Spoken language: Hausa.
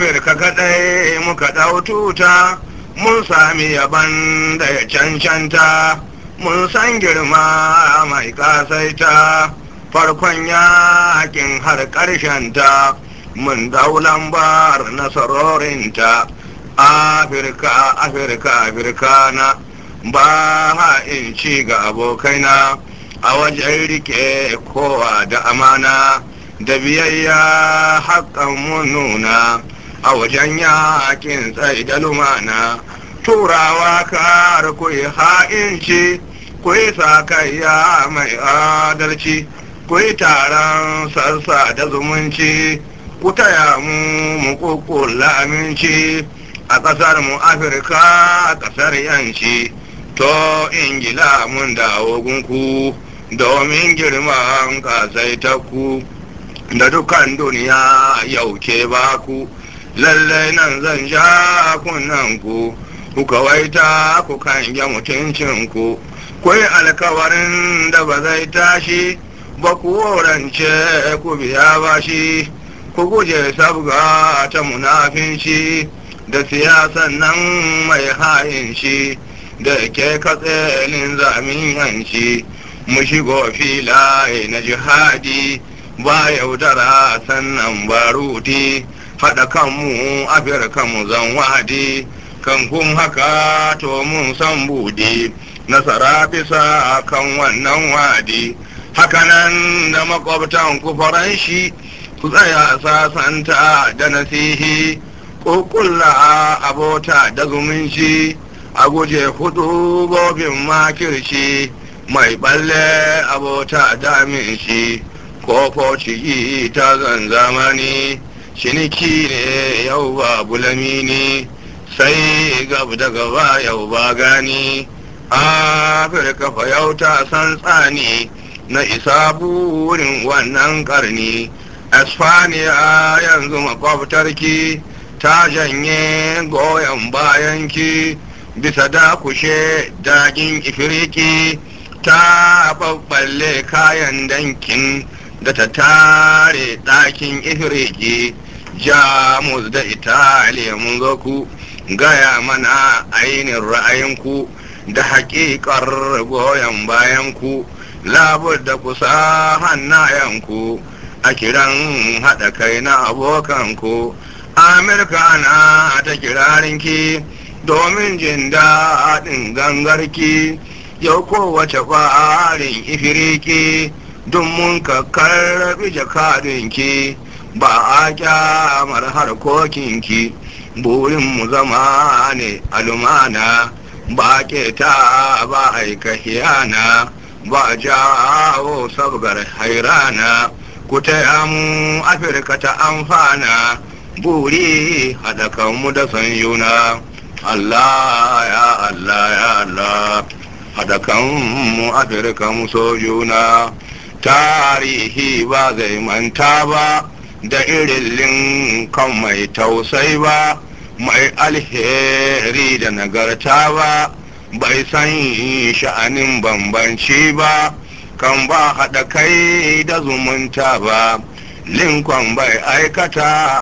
jabir ka kaɗai muka ɗau tuta mun sami yaban da ya cancanta mun san girma mai ƙasaita farkon yakin har ta, mun dau lambar nasarorinta afirka afirka Afirka na, ba ha in ci ga abokaina a wajen rike kowa da amana da biyayya haƙƙan mun nuna a wajen yakin tsaye da lumana turawa kar ku ha'inci ku sakayya mai adalci ku taron sassa da zumunci ku taya mu mu aminci a ƙasar mu afirka a ƙasar yanci to ingila mun dawo gunku domin girma girman ƙasaitakku da dukan duniya yauke baku lallai nan zan ja kunan ku kuka waita ku kange mutuncin ku kai alkawarin da ba zai tashi ba ku horance ku biya ba shi ku guje sabga ta munafinci da siyasan nan mai hain shi da ke katselin zamiyan shi mu shigo filaye na jihadi ba yaudara sannan baruti haɗa kanmu afiyar kanmu zan wa'adi kan kun haka to mun san buɗe nasara bisa kan wannan wa'adi nan da makwabtan ku faranshi ku tsaya sasanta da nasihi kukulla abota da zumunci a guje hudu gobin makirci mai balle abota da aminci ko ta zan zamani ciniki ne yau ba bulami ne sai gab da gaba yau ba gani afirka fa yau ta san tsani na isa burin wannan karni espaniya yanzu makwabtarki ta janye goyon bayanki bisa dakushe dagin ifiriki ta babballe kayan dankin da ta tare ɗakin ifiriki jamus da italiya mun zo ku gaya mana ainihin ra'ayinku da haƙiƙar goyon bayanku labur da kusa hannayenku a kiran haɗa kai na abokanku amurka na ta kirarinki domin jin daɗin gangarki yau kowace ƙwarin ifiriki dun mun ka karɓi jakadunki ba a kyamar harkokinki burin mu zama ne alumana ba keta ba aika hiyana ba jawo sabgar hairana ku taya mu afirka ta amfana buri haɗa kanmu da sanyuna allah ya allah ya allah haɗa afirka mu so tarihi ba zai manta ba da irin linkan mai tausai ba mai alheri da nagarta ba bai san sha'anin bambanci ba kan ba haɗa kai da zumunta ba linkon bai aikata